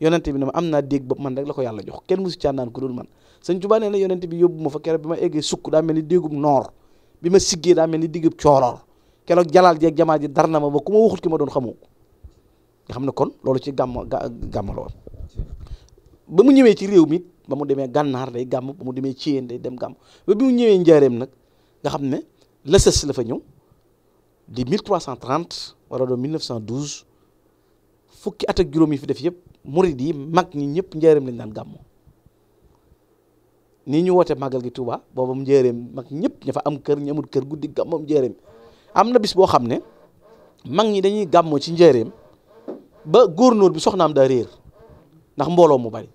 yonent bi ne ma am naa dégg bopp man rek la ko yàlla jox kenn musu caan naan ku dul man sëñ Tuubaa nee na yonent bi yóbbu ma fa keroog bi ma egge sukk daa mel ni déggub noor bi ma siggee daa mel ni diggub cooroor keroog jalaal ji ak ji dar na ma ba ku ma waxut ki ma doon xamoo nga xam ne kon loolu ci gàmmoo gàmm la woon ba mu ñëwee ci réew mi ba mu demee gànnaar day gàmm ba mu demee ci ciyeen day dem gàmm ba mu ñëwee njaareem nag nga xam ne lësës la fa ñëw di 1330 wala doon 1912 fukki at ak juróom yi fi def yëpp murid yi mag ñi ñëpp njaareem lañ daan gàmmu ni ñu woote màggal gi Touba booba mu njaareem mag ñëpp ña fa am kër ñu amul kër guddi am na bis boo xam ne mag ñi dañuy gàmmoo ci njëreem ba góor góornóor bi soxnaam daa réer ndax mbooloo mu bari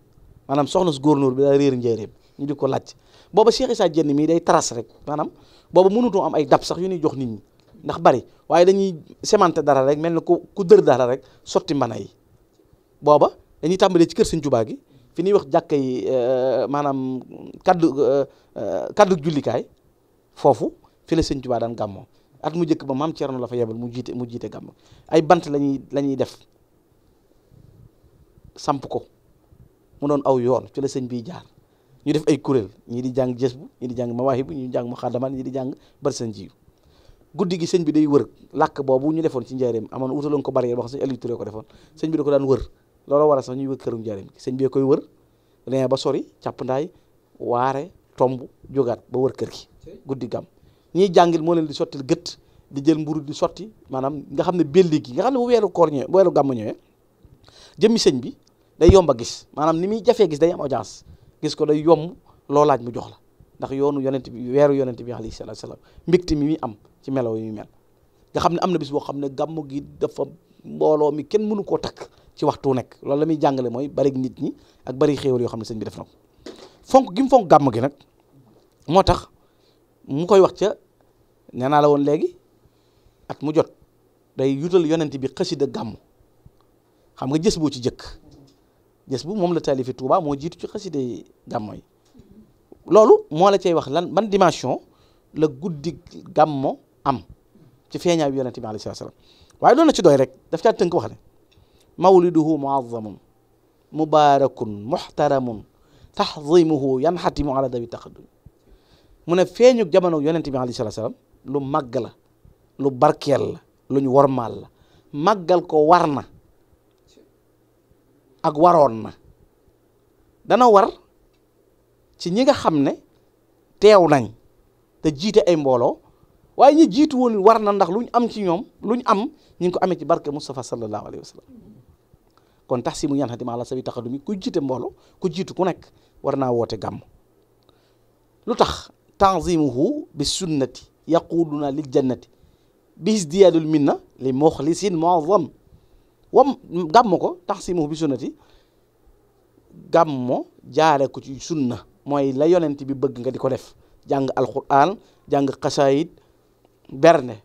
maanaam soxna su góornóor bi daa réer njëreem ñu di ko laaj booba Cheikh Issa Diène mii day taras rek maanaam booba mënutoo am ay dab sax yu ñuy jox nit ndax bari waaye dañuy semante dara rek mel na ku ku dër dara rek sotti mbana yi booba dañuy tàmbalee ci kër Sëñ Tuubaa gi fi ñuy wax jàkk yi euh, maanaam kaddu euh, euh, kaddu jullikaay foofu fi la Sëñ daan gàmmoo at mu jëkk ba maam Thierno la fa yebal mu jiite mu jiite gàmm ay bant lañuy la ñuy def samp ko mu doon aw yoon ci la sëñ bi jaar ñu def ay kuréel ñii di jàng jës bu ñii di jàng mawaahi bu ñii mu jàng muxaddamaat ñii di jàng bari sëñ jiyu guddi gi sëñ bi day wër lakk boobu ñu defoon ci njaareem amoon utaloon ko barrière boo xam sëñ ko defoon sëñ bi da ko daan wër looloo war a sax ñuy wër kërum njaareem gi sëñ bi koy wër leen ba sori càpp waare tomb jógaat ba wër kër gi guddi gàmm ñiy jàngil moo leen di sottil gët di jël mburu di sotti maanaam nga xam ne belli gi nga xam ne bu weeru koor ñëwee weeru gàmm ñëwee jëmmi sëñ bi day yomb a gis maanaam ni muy jafee gis day am audience gis ko day yomb loo laaj mu jox la ndax yoonu yonent bi weeru yonent bi alayhi salaatu salaam mbégte mi muy am ci melow yi muy mel nga xam ne am na bis boo xam ne gàmm gi dafa mbooloo mi kenn mënu koo takk ci waxtu nekk loolu la muy jàngale mooy bari nit ñi ak bari xéewal yoo xam ne sëñ bi def na ko fonk gi gàmm gi nag tax mu koy wax ca nee naa la woon léegi at mu jot day yutal yonent bi xasida gàmm xam nga jës bu ci jëkk jës bu moom la taalifi Touba moo jiitu ci xasida gàmmo yi loolu moo la cay wax lan ban dimension la guddi gàmmo am ci feeñaayu yonent bi alayhi salaam waaye doon a ci doy rek daf caa tënk wax ne mawliduhu muazzamun mubarakun muxtaramun taxdimuhu yanxatimu ala dawi taqadum mu ne feeñu jamono yonent bi alayhi salaatu salaam lu màgg la lu barkeel la lu ñu wormaal la màggal ko war na ak waroon na dana war ci ñi nga xam ne teew nañ te jiite ay mbooloo waaye ñi jiitu woon war na ndax lu ñu am ci ñoom lu ñu am ñu ko amee ci barke Moustapha sallallahu alayhi wa sallam kon tax si mu yan xatima la sabi taxadumi ku jiite mbooloo ku jiitu ku nekk war naa woote gàmm lu tax tanzimuhu bi sunnati yaquduna lil jannati bis diyaadul minna li muxlisin muazzam wam gàmmo ko tanzimuhu bi sunnati gàmmo jaare ko ci sunna mooy la yonent bi bëgg nga di ko def jàng alquran jàng xasaayid berne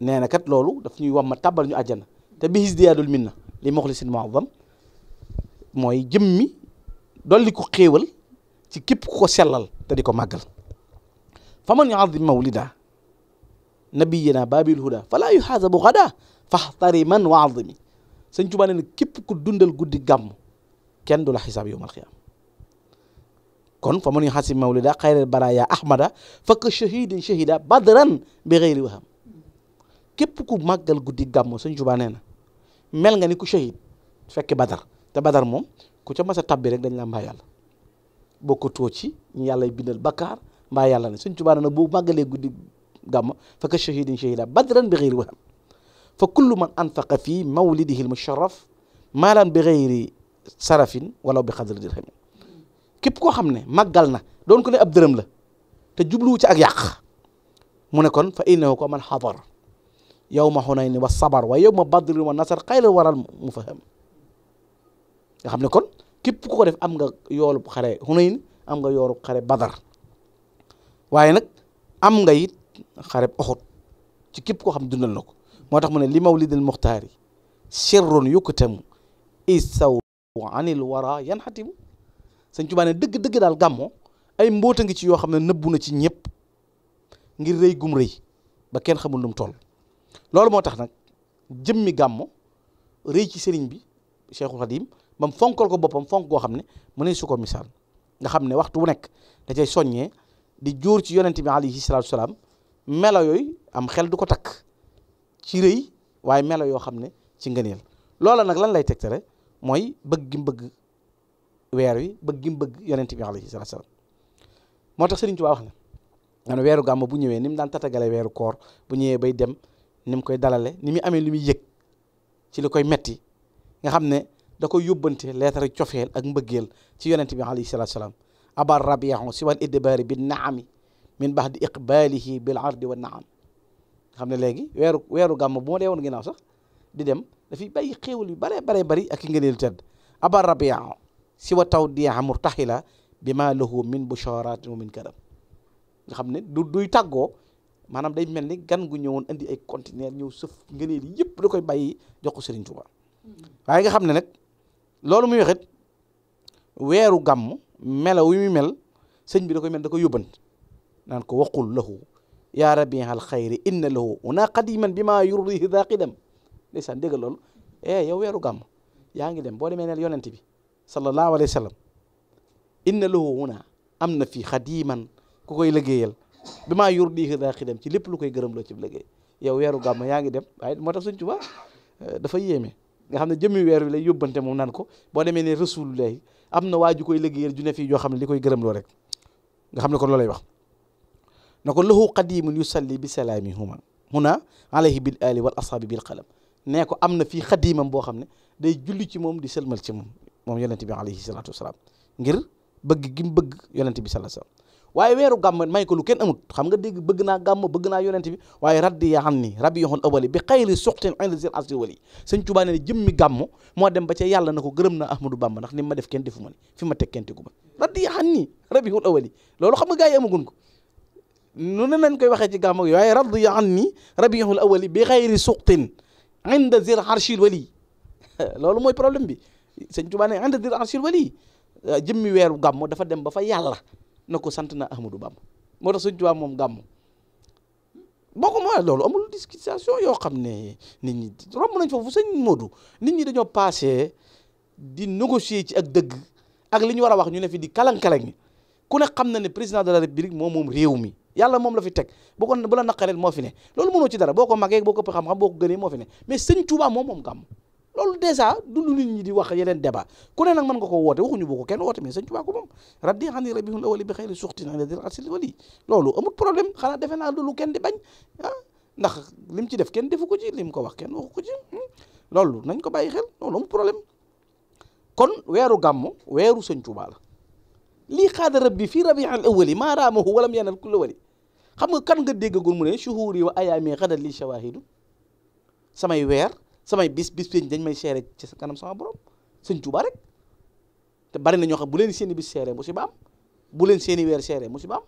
nee na kat loolu daf ñuy wax ma tàbbal ñu àjjana te bis diyaadul minna li muxlisin muazzam mooy jëmmi dolli ko xéewal ci képp ku ko sellal te di ko màggal fa man yuadim mawlida nabiyina babil huda fala yuhaasabu gada faxtari man wa adimi sëñ Tuubaa nee na képp ku dundal guddi gàmm du la xisaab yowmal xiyaam kon fa man yuhaasim mawlida xayril baraya ahmada fakk shahidin shahida badran bi xeyri waham képp ku màggal guddi gàmm sëñ Tuubaa nee mel nga ni ku shahid fekk badar te badar moom ku ca mas a tabbi rek dañ la mbaa bokkatoo ci ñu yàlla bindal bakkaar mbaa yàlla ne suñ tubaa na bu màggalee guddi gàmm fa ka shahidin shahida bi xeyri waham fa kullu man anfaqa fii mawlidihi lmusharraf maalan bi xeyri sarafin walaw bi xadri dirhamin képp koo xam ne màggal na doon ko ne ab dërëm la te jubluwu ci ak yàq mu ne kon fa innahu ko man xadar yawma xunayni wa sabar wa yawma badrin wa nasar xayral waral mu faham nga xam ne kon képp ku ko def am nga yoolub xare Hunayn am nga yoolub xare Badar waaye nag am nga it xare Uhud ci képp koo xam dundal na ko moo tax mu ne li mawlidil muxtaari sirrun yuktamu isaw lu wara yan xatimu sëñ Tuubaa ne dëgg-dëgg daal gàmmo ay mboota ngi ci yoo xam ne nëbbu na ci ñëpp ngi rëy gum rëy ba kenn xamul nu tool toll loolu moo tax nag jëmmi gàmmo rëy ci sëriñ bi Cheikhul Khadim ba mu fonkal ko boppam fonk goo xam ne mënees su ko misaal nga xam ne waxtu wu nekk da cay soññee di jóor ci yonent bi alayhi salaatu salaam melo yooyu am xel du ko takk ci rëy waaye melo yoo xam ne ci ngëneel loola nag lan lay tegtale mooy bëgg gi mu bëgg weer wi bëgg mu bëgg yonent bi alayhi salaatu salaam moo tax Sëriñ Tuubaa wax na man weeru gàmm bu ñëwee ni mu daan tatagale weeru koor bu ñëwee bay dem ni mu koy dalale ni muy amee lu muy yëg ci li koy metti nga xam ne da koy yóbbante leetar cofeel ak mbëggeel ci yonente bi alayhi salatu salaam abar rabiahu si wan idbaari bi naami min baxdi iqbaalihi bil ardi wa naam xam ne léegi weeru weeru gàmm bu ma dee woon ginnaaw sax di dem dafay bàyyi xéewal yu bare bare bari ak i ngëneel tedd abar rabiahu si wa taw dia murtaxila bi ma lahu min busharatin wa min karam nga xam ne du duy tàggoo maanaam day mel ni gan gu ñëwoon indi ay conteneur ñëw sëf ngëneel yëpp da koy bàyyi jox ko Serigne Touba hmm. waaye nga xam ne loolu muy waxit weeru gàmm mela wi muy mel sëñ bi da koy mel da koy yóbbant naan ko waqul lahu yaa rabial xayri inna lahu una qadiman bi maa yurdihi daa qidam ndeysaan dégg loolu eh yow weeru gàmm yaa ngi dem boo demee neel yonent bi sallallahu alayhi wa sallam inna lahu una am na fii xadiman ku koy liggéeyal bi maa yurdihi daa dem ci lépp lu koy gërëm loo ci liggéey yow weeru gàmm yaa ngi dem waaye moo tax sëñ Tuubaa eh, dafa yéeme nga xam ne jëmmi weer wi lay yóbbante moom naan ko boo demee ne rasulullahi am na waa ju koy liggéeyal ju ne fii yoo xam ne li koy gërëm loo rek nga xam ne ko kon loolay wax na ko lahu qadimun yusalli bi salaami huma huna alayhi bil ali wal ashabi bi qalam nee ko am na fii xadimam boo xam ne day julli ci moom di sëlmal ci moom moom yonente bi alayhi salatu wasalaam ngir bëgg gi mu bëgg yonente bi salaa salaam waaye weeru gàmm may ko lu kenn amut xam nga dégg bëgg naa gàmm bëgg naa yonent bi waaye raddi yaa xam ni rabbi yoxoon awali bi xayri suxtin indi seen asri moo dem ba ca yàlla na ko gërëm na Ahmadou Bamba ma def kenn defu ma ni fi ma teg kenn tegu ma raddi yaa xam ni rabbi yoxoon awali ko nu ne nañ koy waxee ci gàmm gi waaye raddi yaa xam ni rabbi yoxoon awali bi xayri suxtin inde zir arshil wali loolu mooy problème bi sëñ Tuubaa ne inde zir arshil wali jëmmi weeru gàmm dafa dem ba fa yàlla na ko sant na Ahmadou Bamba moo tax Sëñ Tuubaa moom gàmm boo ko mooy loolu amul discrimination yoo xam ne nit ñi romb nañ foofu sëñ Modou nit ñi dañoo passé di négocier ci ak dëgg ak a la république moom moom réew mi yàlla moom la fi teg bu ko moo fi ne loolu mënoo moo moom moom loolu dèjà lu nit ñi di wax yeneen débat ku ne nag mën nga ko woote waxuñu boo ko kenn woote mais sëñ Tuubaa ko moom raddi xam ni rabihul awali bi xëyri suxtin ala dil arsil wali loolu amul problème xanaa defe naa lu kenn di bañ ah ndax lim ci def kenn defu ko ci lim ko wax kenn waxu ko ci hmm loolu nañ ko bàyyi xel loolu amul problème kon weeru gàmmu weeru sëñ Tuubaa la lii xaada rabbi fii rabiul awali maaraamahu walam yanal kulla wali xam nga kan nga déggagul mu ne yi wa ayaami xadal li samay weer samay bis bis pénc dañ may seere ci sa kanam sama borom sëñ Tuuba rek te bari na ñoo xam bu leen seen i bis seere musiba am bu leen seen i weer seere musiba am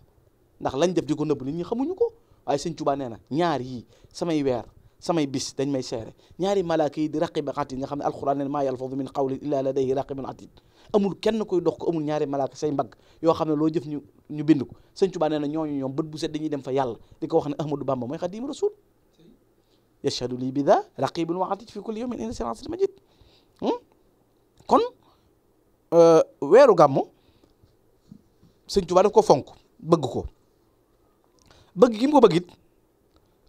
ndax lañ def di ko nëbb nit ñi xamuñu ko waaye sëñ Tuuba nee na ñaar yii samay weer samay bis dañ may seere ñaari malaaka yi di raqiba atid nga xam ne alquran ne maa yalfadu min qawlin illa ladayhi raqibun atid amul kenn koy dox ko amul ñaari malaaka say bag yoo xam ne loo jëf ñu ñu bind ko sëñ Tuuba nee na ñooñu ñoom bët bu set dañuy dem fa yàlla di ko wax ne Ahmadou Bamba yashhadu lii bi daa raqibun wa atid fi kulli yawmin inna siraatal majid hmm? kon euh, weeru gàmmu sëñ Tuubaa daf ko fonk bëgg ko bëgg gi mu ko bëggit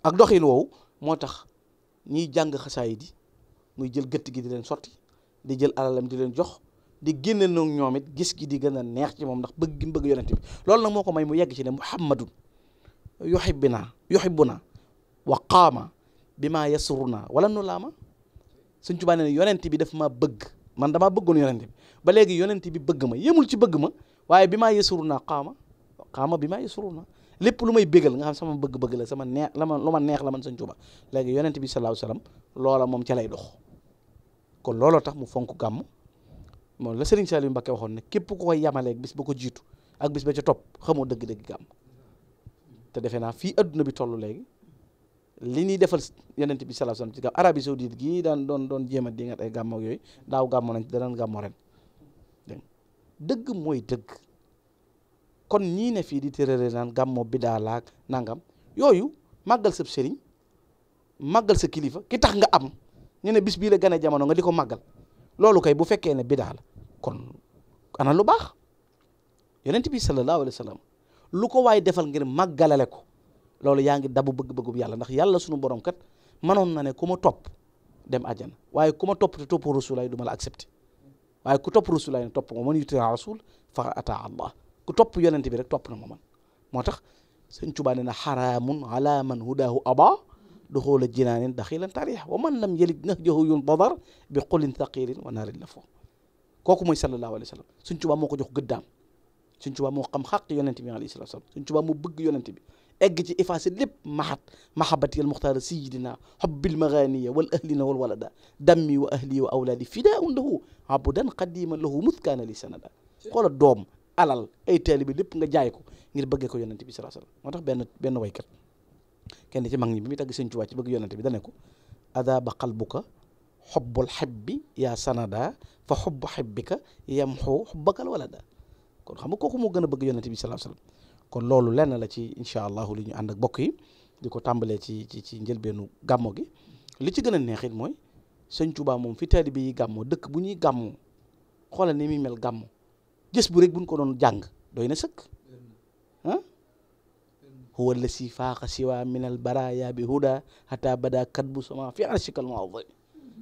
ak doxin woowu moo tax ñiy jàng xasaayid yi muy jël gëtt gi di leen sotti di jël alalam di leen jox di génne noog ñoom it gis gi di gën a neex ci moom ndax bëgg gi mu bëgg yonent bi loolu nag moo ko may mu yegg ci ne muhammadun yuhibbina yuhibbuna wa qaama bi maa yasuru naa wala nu laa ma suñ Tuubaa nee yonent bi daf ma bëgg man damaa bëggoon yonent bi ba léegi yonent bi bëgg ma yemul ci bëgg ma waaye bi ma yasuru naa xaama xaama bi maa yasuru naa lépp lu may bégal nga xam sama bëgg-bëgg la sama neex la ma lu ma neex la man suñ Tuubaa léegi yonent bi sallallahu alayhi wa loola moom ca lay dox kon looloo tax mu fonk gàmm moom la Serigne Saliou Mbacké waxoon ne képp ko koy yamaleeg bis ba ko jiitu ak bis ba ca topp xamoo dëgg-dëgg gàmm te defe naa fii adduna bi toll léegi li ñuy defal yenent bi sallallahu alayhi wasallam ci gaaw Arabie Saoudite gii daan doon doon jéem a di ay gàmmo yooyu daaw gàmmo nañ da daan gàmmo ren dëgg mooy dëgg kon ñii ne fii di tërëre naan gàmmo bidaa laag nangam yooyu màggal sa sëriñ màggal sa kilifa ki tax nga am ñu bis bii la gane jamono nga di ko màggal loolu kay bu fekkee ne bidaa la kon ana lu baax yenent bi sallallahu alayhi wasallam lu ko waay defal ngir màggalale ko loolu yaa ngi dabu bëgg-bëggub yàlla ndax yàlla sunu borom kat manoon na ne ku ma topp dem àjjana waaye ku ma topp te topp rasulaay du ma la accepté waaye ku topp rasulaay ne topp nga man yuti rasul fa ataa allah ku topp yonente bi rek topp na ma man moo tax sëñ Tuubaa nee na xaraamun ala man hudaahu aba duxuula jinaanin daxilan taarix wa man lam yelid nahjahu yun badar bi qulin thaqirin wa naarin na foo kooku mooy sallallahu alayhi wa sallam sëñ Tuubaa moo ko jox gëddaam sëñ Tuubaa moo xam xaq yonente bi alayhi salaatu wa salaam sëñ Tuubaa moo bëgg yonente bi egg ci effacé lépp maxat mahabati al muxtaara sayidina xobbil maganiya wal ahlina wal walada dammi wa ahli wa awlaadi fidaun lahu abudan qadiman lahu muskaana li sanada xoola doom alal ay taalibi lépp nga jaay ko ngir bëggee ko yonente bi salaa sallam moo tax benn benn waykat kenn ci mag ñi bi muy tagg sëñ Tuubaa ci bëgg yonente bi dane ko adaaba qalbuka xobbul xebbi yaa sanada fa xobbu xebbika yamxu xobbakal walada kon xam nga kooku moo gën a bëgg yonente bi salaa sallam kon loolu lenn la ci incha allahu li ñu ànd ak bokk yi di ko tàmbalee ci ci ci njëlbeenu gàmmo gi li ci gën a neexit mooy sëñ Tuubaa moom fi taalibe yi gàmmo dëkk bu ñuy gàmmo ni muy mel gàmmo bu rek buñ ko doon jàng doy na sëkk ah huwa la si faaxa siwa min al baraya bi huda hatta bada kat bu sama fi arshikal mu'azzam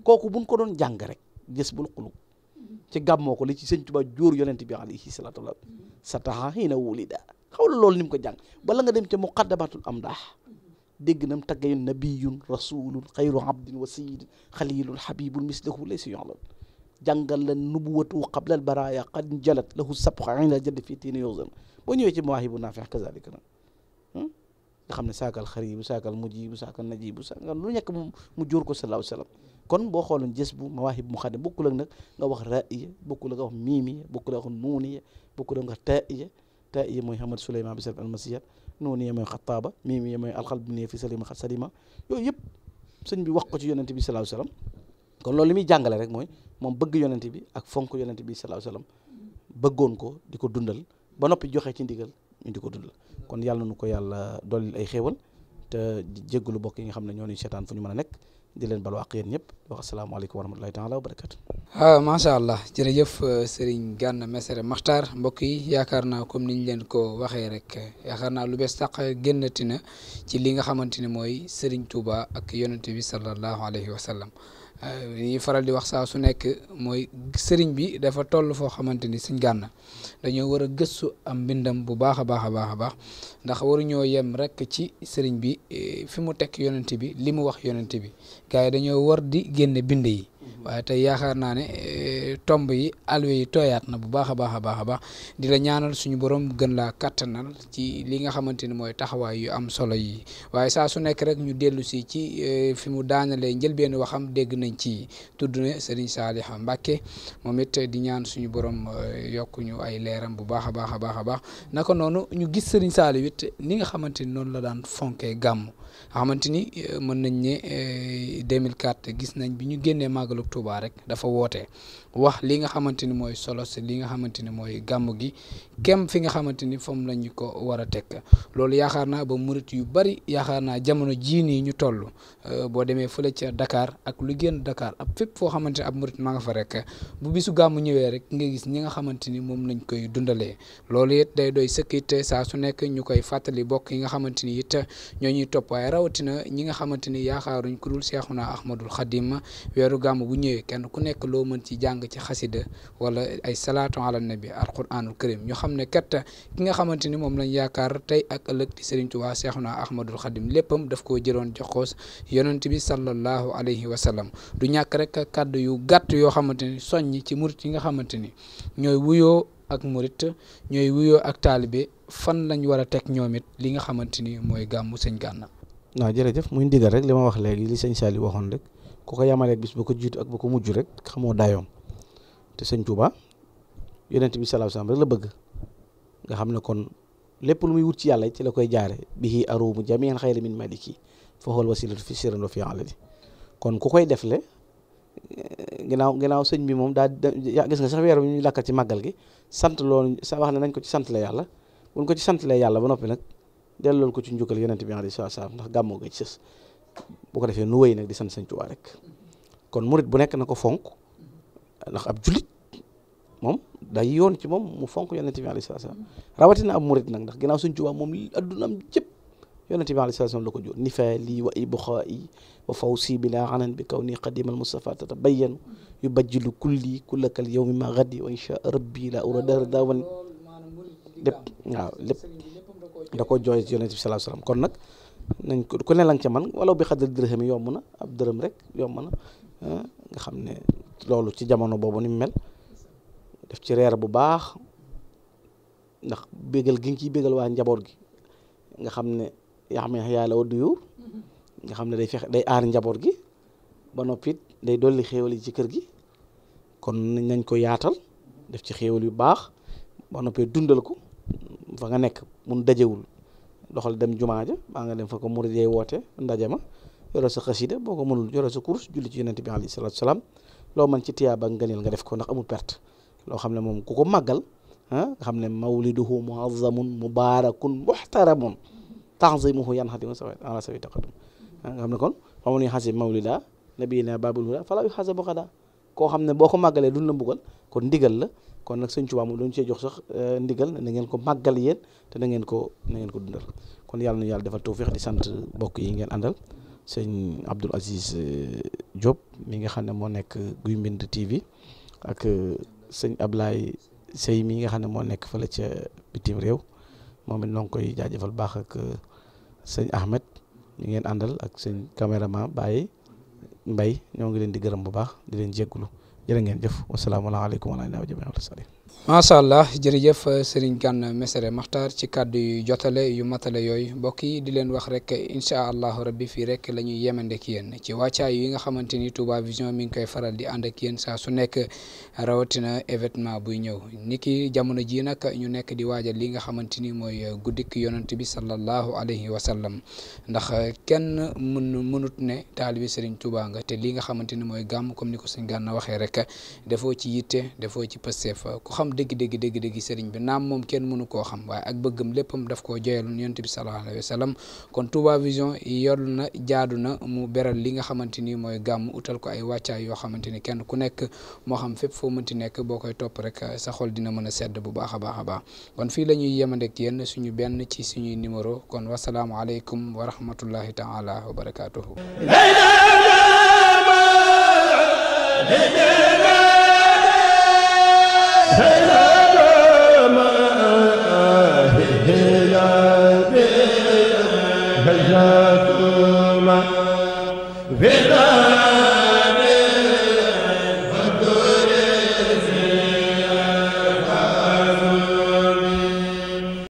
kooku buñ ko doon jàng rek jës bul xulub ci gàmmoo ko li ci sëñ Tuubaa jóor bi alayhi sa taxa xiina wulida xawla loolu ni mu ko jàng bala nga dem ca muqaddamatul amdaax dégg nam taggayun nabiyun rasulun xayru abdin wa sayidin xalilun xabibun mislahu laysa yulam jàngal la nubuwatu qabla albaraya qad jalat lahu sabqa inda jadd fii yoo yowsan boo ñëwee ci mawaahibu naafix kazalika nag hmm? nga xam ne saakal xaribu saakal mujibu saakal najibu saakal lu nekk mu jur ko sallallahu alayhi wasallam kon boo xooloon jës bu mawaahib mu xadim bokkul ak nag nga wax raiya bokkul ak nga wax miimiya bokkul ak nga wax nuuniya bokkul ak تائي موي حمد سليمان بسرف المسيات noonu yee mooy xataaba mii mi yee mooy alxal bi ne fi salima xat salima yooyu yëpp sëñ bi wax ko ci yonent bi salaahu salaam kon loolu li muy jàngale rek mooy moom bëgg yonent bi ak fonk yonent bi salaahu salaam bëggoon ko di ko dundal ba noppi joxe ci ndigal ñu di ko dundal kon yàlla nu ko yàlla dolli ay xéewal te jéggalu bokk yi nga xam ne ñoo ñuy seetaan fu ñu mën a nekk di leen bal waq yéen ñëpp wax asalaamaaleykum wa rahmatulahi taala wa barakaatu. ah macha allah jërëjëf euh, Serigne Gana Messere Makhtar mbokk yi yaakaar naa comme niñ leen ko waxee rek yaakaar naa lu bees saq génnati ci li nga xamante ne mooy Serigne Touba ak yonente bi sallallahu alayhi wa Euh, yi faral di wax saa su nekk mooy sëriñ bi dafa toll foo xamante ni suñ gànn dañoo war a gëstu am mbindam bu baax a baax a baax a baax ndax waruñoo yem rek ci sëriñ bi eh, fi mu tekk yonent bi li mu wax yonent bi gars yi dañoo war di génne bind yi Mhm. waaye tey yaakaar naa ne eh, tomb yi alwe yi tooyaat na bu baax a baax a baax a baax di la ñaanal suñu borom gën laa kattanal ci li nga xamante ni mooy taxawaay yu am solo yi waaye saa su nekk rek ñu dellu si ci eh, fi mu daanalee njëlbeen waxam dégg nañ ci tudd ne Serigne Saliha Mbacke moom it di ñaan suñu borom eh, yokku ñu ay leeram bu baax a baax a baax a baax naka noonu ñu gis Serigne Saliou it ni nga xamante ni noonu la daan fonkee gàmm. xamante ni euh, mën nañ ne 2004 euh, gis nañ bi ñu génnee màggalu Touba rek dafa woote wax li nga xamante ni mooy solo si li nga xamante ni mooy gàmm gi kem fi nga xamante ni foom lañu ko war a teg loolu yaakaar naa ba murit yu bari yaakaar naa jamono jii nii ñu toll euh, boo demee fële ca ak lu génn Dakar ab fépp foo xamante ni ab murit maa nga fa rek bu bisu gàmm ñëwee rek nga gis ñi nga xamante ni moom lañ koy dundalee loolu it day doy sëkk it saa su nekk ñu koy fàttali bokk yi nga xamante ni it ñoo ñuy topp waaye na ñi nga xamante ni yaakaaruñ ku dul Seexuna Ahmadul Xadim weeru gàmm bu ñëwee kenn ku nekk loo mën ci jàng ci xasida wala ay salaatu ala nabi alquranul karim ñu xam ne kat ki nga xamante ni moom lañ yaakaar tey ak ëllëg di Serigne Touba Seexuna Ahmadul Xadim léppam daf koo jëloon joxoos yonent bi sallallahu alayhi wa sallam du ñàkk rek kàdd yu gàtt yoo xamante ni soññ ci murit yi nga xamante ni ñooy wuyoo ak murit ñooy wuyoo ak taalibe fan lañ war a teg ñoom it li nga xamante ni mooy gàmmu sëñ Gànna non jërëjëf muy ndigal rek li ma wax léegi li sëñ Saliou waxoon rek ko ko yamaleeg bis ba ko jiitu ak ba ko mujj rek xamoo dayoom te sëñ Touba yonent bi sallallahu alayhi wasallam rek la bëgg nga xam ne kon lépp lu muy wut ci yàlla ci la koy jaare bihi arumu jamian xayri min maliki fa xool wasilatu fi siran wa fi alani kon ku koy defle ginnaaw ginnaaw sëñ bi moom daa gis nga sax weer bi ñu lakkal ci màggal gi sant loolu sa wax ne nañ ko ci sant la yàlla buñ ko ci sant la yàlla ba noppi nag dellool ko ci njukkal yonent bi alayhi salaam ndax gàmmoo ga ci sës bu ko defee nu wéy nag di san Sëñ Tuubaa rek kon murit bu nekk na ko fonk ndax ab jullit moom day yoon ci moom mu fonk yonent bi alayhi salaam rawatina ab murit nag ndax ginnaaw Sëñ Tuubaa moom addunaam jëpp yonent bi alayhi salaam la ko jóor nifaali wa ibxaa'i wa fawsi bila anan bi kaw ni qadimal Mustafa tatabayyan yu bajjilu kulli kullakal yawmi ma gadi wa insha rabbi la ura dahra daawan lépp waaw da ko jooy ci yonent bi sallallahu alayhi wasallam kon nag nañ ko ku ne la nga ca man wala bi xadal dërëm yi yomb na ab dërëm rek yomb na ah, nga xam ne loolu ci jamono boobu ni mu mel def ci reer bu baax ndax bégal gi nga ciy bégal waa njaboot gi nga xam ne yaa xam ne yàlla wa nga xam ne day fexe day aar njaboot gi ba noppi day dolli xéewal yi ci kër gi kon nañ ko yaatal def ci xéewal yu baax ba noppi dundal ko fa nga nekk mun dajewul doxal dem jumaa ja baa nga dem fa ko murid yee woote ndaje ma yore sa xasida boo ko mënul yore sa course julli ci yonent bi alayhi salaatu salaam loo mën ci tiyaaba ngëneel nga def ko ndax amul perte loo xam ne moom ku ko màggal nga xam ne mawliduhu muazzamun mubarakun muhtaramun tanzimuhu yanhadimu sawa ala sawi a nga xam ne kon moom la ñuy xasib mawlida nabiyina babul huda fala yu xasa bokada koo xam ne boo ko màggalee duñ la mbugal kon ndigal la kon nag sëñ Tuubaa moom dañu cee jox sax euh, ndigal na ngeen ko màggal yéen te na ngeen ko na ko dundal kon yàlla na yàlla defal tawféex di sant mbokk yi ngeen àndal sëñ Abdoul Aziz euh, Diop mi nga xam ne moo nekk Guy Mbind TV ak euh, sëñ Ablaye Sey mi nga xam ne moo nekk fële ca bitim réew moom it noo ngi koy jaajëfal baax ak sëñ Ahmed ñu ngeen àndal ak sëñ caméraman Baye mbay ñoo ngi leen di gërëm bu baax di leen jéggulu jërë ngeen jëf wasalaamaaleykum wa rahmatulah. macha allah jërëjëf Serigne Kane Mesere Maxtaar ci kàddu yu jotale yu matale yooyu mbokk yi di leen wax rek incha allahu rabbi fii rek la ñuy yemande ki ci wàccaay yi nga xamante ni Touba Vision mi ngi koy faral di ànd ak yéen saa su nekk rawatina évétement buy ñëw ni ki jamono jii nag ñu nekk di waaja li nga xamante ni mooy guddik yonent bi sallallahu alayhi wasallam ndax kenn mën mënut ne taalibi Serigne Touba nga te li nga xamante ni mooy gàmm comme ni ko Serigne Kane waxee rek. daanaka defoo ci yitte defoo ci Pastef ku xam dégg dégg dëgg dëgg sëriñ bi naam moom kenn mënu koo xam waaye ak bëggam léppam daf koo joyaloon yonent bi sallallahu alayhi wa kon Touba Vision yoll na jaadu na mu beral li nga xamante ni mooy gàmm utal ko ay wàccaay yoo xamante ni kenn ku nekk moo xam fépp foo mënti nekk boo koy topp rek sa xol dina mën a sedd bu baax a baax a baax kon fii la ñuy yemandek yéen suñu benn ci suñuy numéro kon wasalaamualeykum wa rahmatullahi taala wa barakaatuhu Hey